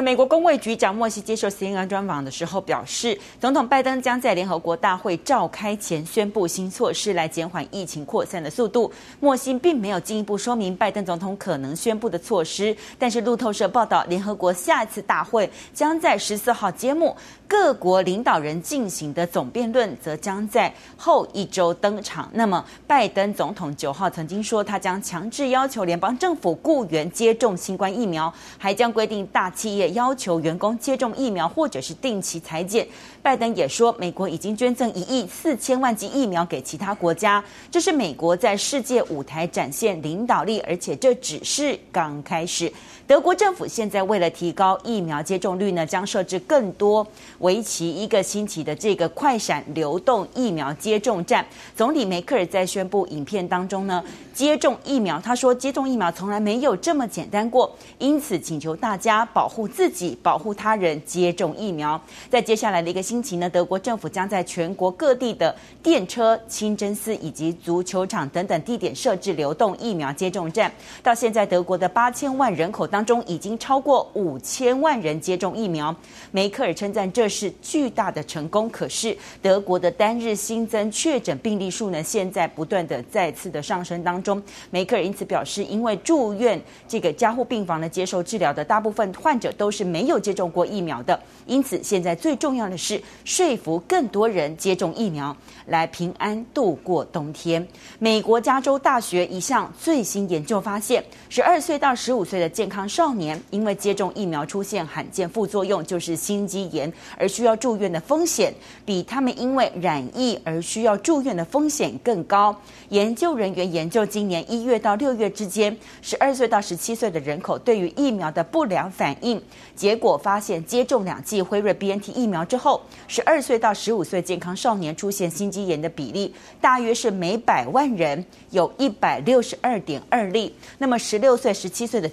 美國公衛局長莫西接受 CNN 專訪的時候表示，總統拜登將在聯合國大會召開前宣布新措施，來減緩疫情擴散的速度。莫西並沒有進一步說明拜登總統可能宣布的措施，但是路透社報道，聯合國下一次大會將在十四號揭幕，各國領導人進行的總辯論則將在後一周登場。那麼，拜登總統九號曾經說，他將強制要求聯邦政府雇員接種新冠疫苗，還將規定大企業，也要求員工接種疫苗，或者是定期採檢。拜登也說，美國已經捐贈一億四千萬劑疫苗給其他國家，這是美國在世界舞台展現領導力，而且這只是剛開始。德國政府現在為了提高疫苗接種率呢，將設置更多為期一個星期的這個快閃流動疫苗接種站。總理梅克爾在宣布影片當中呢，接種疫苗，他說：“接種疫苗從來沒有這麼簡單過，因此請求大家保護自己、保護他人，接種疫苗。”在接下來的一個星期呢，德國政府將在全國各地的電車、清真寺以及足球場等等地點設置流動疫苗接種站。到現在，德國的八千萬人口當中已經超過五千萬人接種疫苗，梅克爾稱讚這是巨大的成功。可是，德國的單日新增確診病例數呢，現在不斷的再次的上升當中。梅克爾因此表示，因為住院這個加護病房的接受治療的大部分患者都是沒有接種過疫苗的，因此現在最重要的是說服更多人接種疫苗，來平安度過冬天。美國加州大學一項最新研究發現，十二歲到十五歲的健康。少年因為接種疫苗出現罕見副作用，就是心肌炎而需要住院的風險，比他們因為染疫而需要住院的風險更高。研究人員研究今年一月到六月之間，十二歲到十七歲的人口對於疫苗的不良反應，結果發現接種兩劑輝瑞 BNT 疫苗之後，十二歲到十五歲健康少年出現心肌炎的比例，大約是每百萬人有一百六十二點二例。那麼，十六歲、十七歲的。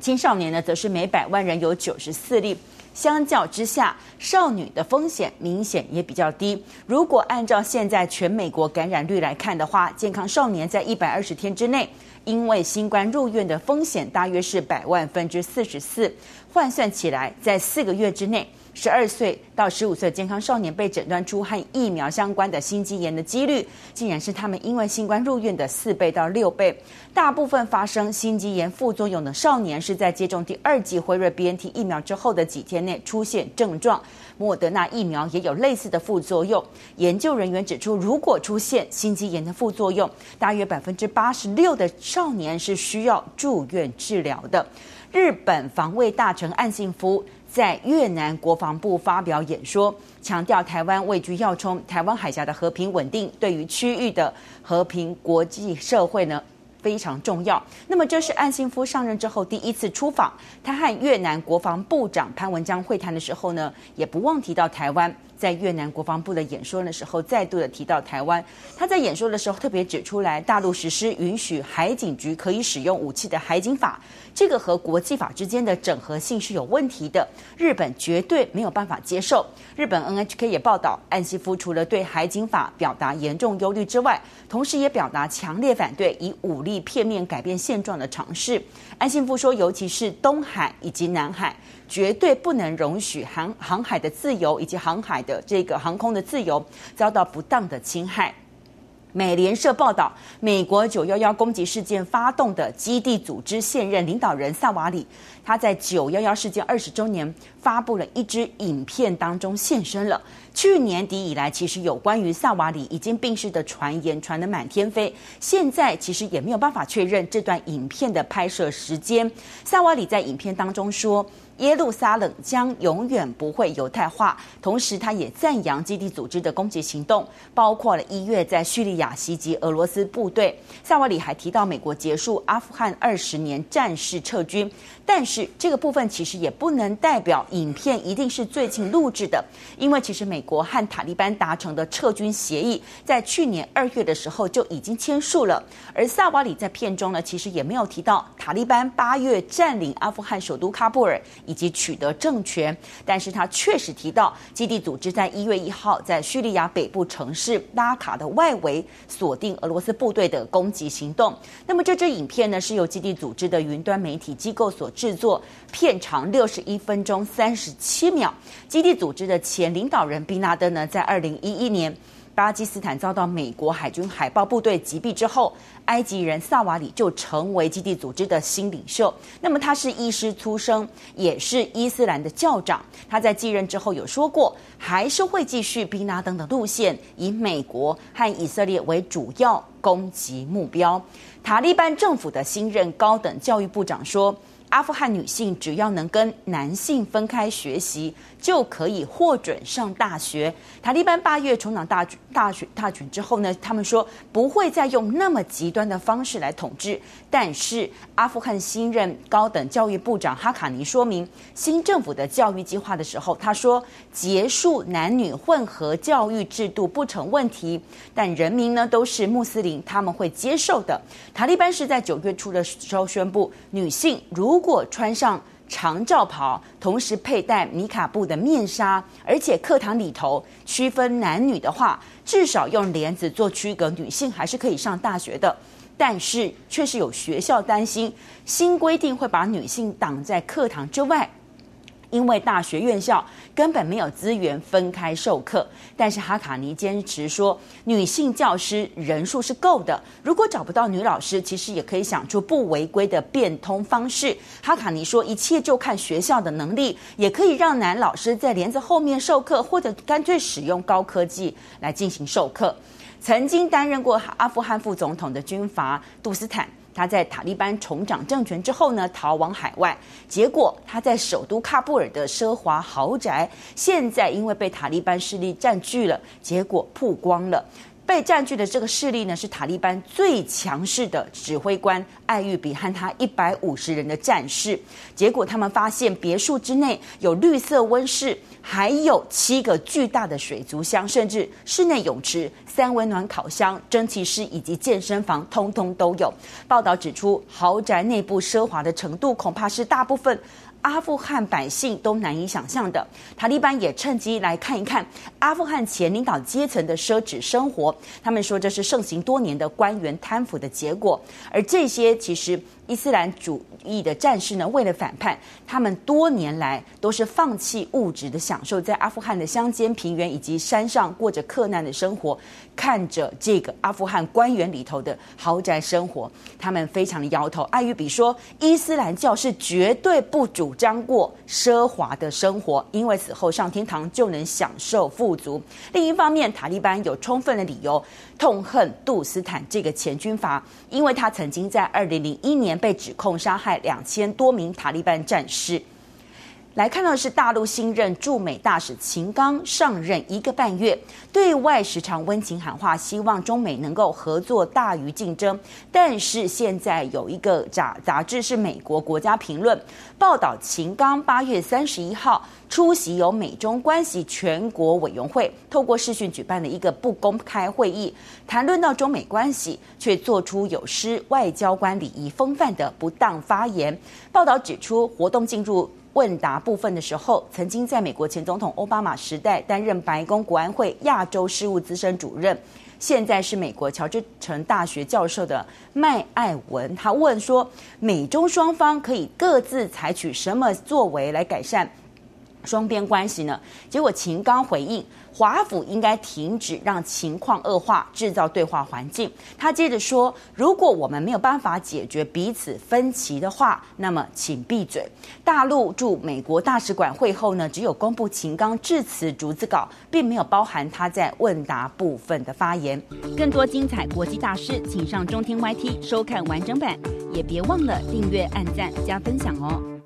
青少年呢，則是每百萬人有九十四例。相較之下，少女的風險明顯也比較低。如果按照現在全美國感染率來看的話，健康少年在一百二十天之內，因為新冠入院的風險大約是百萬分之四十四。換算起來，在四個月之內，十二歲到十五歲健康少年被診斷出和疫苗相關的心肌炎的幾率，竟然是他們因為新冠入院的四倍到六倍。大部分發生心肌炎副作用的少年是在接種第二劑輝瑞 BNT 疫苗之後的幾天。出現症狀，莫德納疫苗也有類似的副作用。研究人員指出，如果出現心肌炎的副作用，大約百分之八十六的少年是需要住院治療的。日本防衛大臣岸信夫在越南國防部發表演說，強調台灣位居要衝，台灣海峽的和平穩定對於區域的和平國際社會呢，非常重要。那麼，這是岸信夫上任之後第一次出訪。他和越南國防部長潘文江會談的時候呢，也不忘提到台灣。在越南國防部的演說的時候，再度的提到台灣。他在演說的時候特別指出來，大陸實施允許海警局可以使用武器的海警法，這個和國際法之間的整合性是有問題的。日本絕對沒有辦法接受。日本 NHK 也報道，岸信夫除了對海警法表達嚴重憂慮之外，同時也表達強烈反對以武力片面改變現狀的嘗試。岸信夫說，尤其是東海以及南海，絕對不能容許航航海的自由以及航海的這個航空的自由遭到不當的侵害。美聯社報道，美國九幺幺攻擊事件發動的基地組織現任領導人薩瓦里，他在九幺幺事件二十週年發布了一支影片當中現身了。去年底以來，其實有關於薩瓦里已經病逝的傳言傳得滿天飛，現在其實也沒有辦法確認這段影片的拍攝時間。薩瓦里在影片當中說。耶路撒冷將永遠不會猶太化，同時他也讚揚基地組織的攻擊行動，包括了一月在敘利亞襲擊俄羅斯部隊。薩瓦里還提到美國結束阿富汗二十年戰事撤軍，但是這個部分其實也不能代表影片一定是最近錄製的，因為其實美國和塔利班達成的撤軍協議在去年二月的時候就已經簽署了。而薩瓦里在片中呢，其實也沒有提到塔利班八月占領阿富汗首都喀布爾。以及取得政權，但是他確實提到，基地組織在一月一號在敘利亞北部城市拉卡的外圍鎖定俄羅斯部隊的攻擊行動。那麼這支影片呢，是由基地組織的雲端媒體機構所製作，片長六十一分鐘三十七秒。基地組織的前領導人賓拉登呢，在二零一一年。巴基斯坦遭到美國海軍海豹部隊擊斃之後，埃及人薩瓦里就成為基地組織的新領袖。那麼他是醫師出身，也是伊斯蘭的教長。他在繼任之後有說過，還是會繼續賓拉登的路線，以美國和以色列為主要攻擊目標。塔利班政府的新任高等教育部長說。阿富汗女性只要能跟男性分開學習，就可以獲准上大學。塔利班八月重掌大選大選大權之後呢，他們說不會再用那麼極端的方式來統治。但是，阿富汗新任高等教育部長哈卡尼說明新政府的教育計劃的時候，他說結束男女混合教育制度不成問題，但人民呢都是穆斯林，他們會接受的。塔利班是在九月初的時候宣布，女性如如果穿上長罩袍，同時佩戴尼卡布的面紗，而且課堂裡頭區分男女的話，至少用簾子做區隔，女性還是可以上大學的。但是，確實有學校擔心新規定會把女性擋在課堂之外。因為大學院校根本沒有資源分開授課，但是哈卡尼堅持說，女性教師人數是夠的。如果找不到女老師，其實也可以想出不違規的變通方式。哈卡尼說，一切就看學校的能力，也可以讓男老師在簾子後面授課，或者乾脆使用高科技來進行授課。曾經擔任過阿富汗副總統的軍閥杜斯坦。他在塔利班重掌政權之後呢，逃往海外。結果他在首都喀布爾的奢華豪宅，現在因為被塔利班勢力占據了，結果曝光了。被占據的這個勢力呢，是塔利班最強勢的指揮官艾育比和他一百五十人的戰士。結果他們發現別墅之內有綠色溫室，還有七個巨大的水族箱，甚至室內泳池。三溫暖烤箱、蒸汽室，以及健身房，通通都有。報道指出，豪宅內部奢華的程度，恐怕是大部分阿富汗百姓都難以想象的。塔利班也趁機來看一看阿富汗前領導階層的奢侈生活。他們說，這是盛行多年的官員貪腐的結果。而這些其實。伊斯蘭主義的戰士呢，為了反叛，他們多年來都是放棄物質的享受，在阿富汗的鄉間平原以及山上過着克難的生活。看着這個阿富汗官員裡頭的豪宅生活，他們非常的搖頭。艾育比說：“伊斯蘭教是絕對不主張過奢華的生活，因為死後上天堂就能享受富足。”另一方面，塔利班有充分的理由痛恨杜斯坦這個前軍閥，因為他曾經在二零零一年。被指控殺害兩千多名塔利班戰士。來看到的是大陸新任駐美大使秦剛上任一個半月，對外時常溫情喊話，希望中美能夠合作大於競爭。但是現在有一個雜雜誌是美國《國家評論》報道，秦剛八月三十一號出席由美中關係全國委員會透過視訊舉辦的一個不公開會議，談論到中美關係，卻做出有失外交官禮儀風範的不當發言。報道指出，活動進入。問答部分的時候，曾經在美國前總統奧巴馬時代擔任白宮國安會亞洲事務資深主任，現在是美國喬治城大學教授的麥艾文，他問說：美中雙方可以各自採取什麼作為來改善？雙邊關係呢？結果秦剛回應，華府應該停止讓情況惡化，製造對話環境。他接着說，如果我們沒有辦法解決彼此分歧的話，那麼請閉嘴。大陸駐美國大使館會後呢，只有公布秦剛致辭逐字稿，並沒有包含他在問答部分的發言。更多精彩國際大事，請上中天 YT 收看完整版，也別忘了訂閱、按讚、加分享哦。